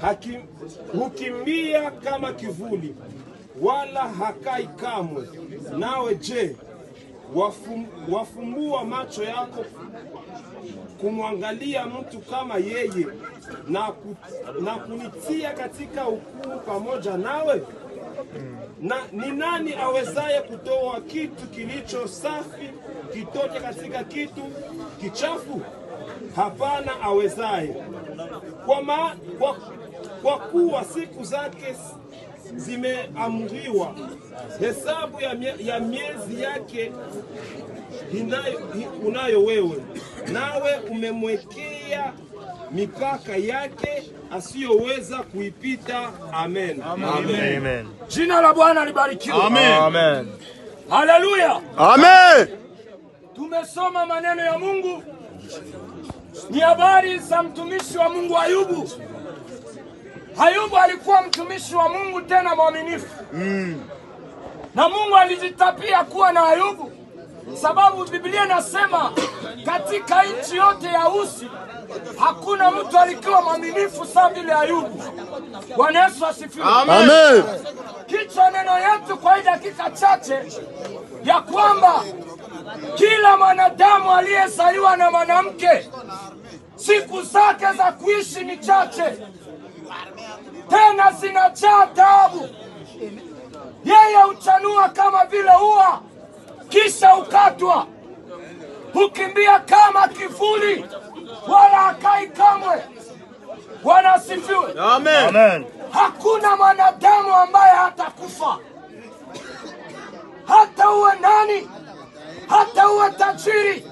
Hakim, hukimbia kama kivuli, wala hakai kamwe. Nawe je, wafum, wafumbua macho yako kumwangalia mtu kama yeye na, ku, na kunitia katika hukumu pamoja nawe? Na ni nani awezaye kutoa kitu kilicho safi kitoke katika kitu kichafu? Hapana awezaye kwa, ma, kwa, kwa kuwa siku zake zimeamriwa, hesabu ya, mie, ya miezi yake inayo, unayo wewe, nawe umemwekea mipaka yake asiyoweza kuipita. Amen. Amen. Amen. Amen. Jina la Bwana libarikiwe. Amen. Amen. Haleluya. Amen. Tumesoma maneno ya Mungu ni habari za mtumishi wa Mungu Ayubu. Ayubu alikuwa mtumishi wa Mungu tena mwaminifu mm. na Mungu alijitapia kuwa na Ayubu sababu Biblia inasema katika nchi yote ya Usi hakuna mtu alikuwa mwaminifu sawa vile Ayubu. Bwana Yesu asifiwe, amen. Kichwa neno yetu kwa hii dakika chache ya kwamba kila mwanadamu aliyezaliwa na mwanamke siku zake za kuishi ni chache, tena zinajaa taabu. Yeye huchanua kama vile ua, kisha ukatwa hukimbia kama kivuli, wala akai kamwe. Bwana asifiwe, amen. Hakuna mwanadamu ambaye hatakufa, hata uwe nani, hata uwe tajiri,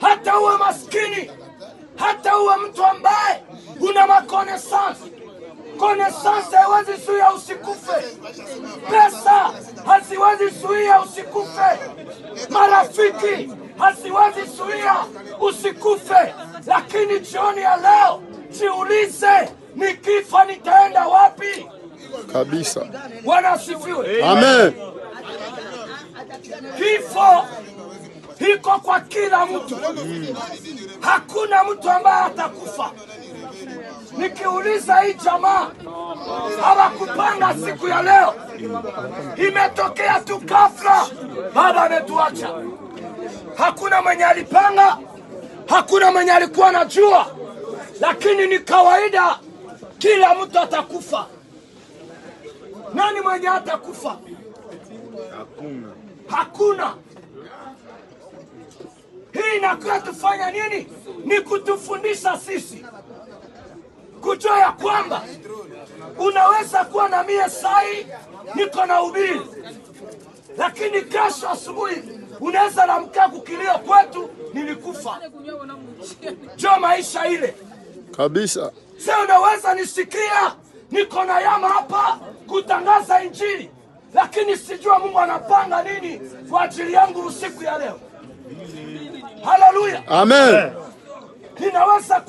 hata uwe maskini wa mtu ambaye una makonesansi. Konesansi haiwezi suia usikufe, pesa haziwezi suia usikufe, marafiki haziwezi suia usikufe. Lakini jioni ya leo jiulize, kifa nitaenda wapi? Kabisa. Bwana asifiwe, amen. Kifo iko kwa kila mtu Hakuna mtu ambaye atakufa. Nikiuliza hii jamaa hawakupanga siku ya leo, imetokea tu ghafla. Baba ametuacha, hakuna mwenye alipanga, hakuna mwenye alikuwa anajua, lakini ni kawaida, kila mtu atakufa. Nani mwenye atakufa? Hakuna, hakuna. Hii inakuwa tufanya nini? Ni kutufundisha sisi kujua ya kwamba unaweza kuwa na mie sai niko na ubiri, lakini kesho asubuhi unaweza namkaa kukilio kwetu nilikufa. Jo, maisha ile kabisa. Se unaweza nisikia niko na yama hapa kutangaza Injili, lakini sijua Mungu anapanga nini kwa ajili yangu usiku ya leo. Haleluya, amen. Ninaweza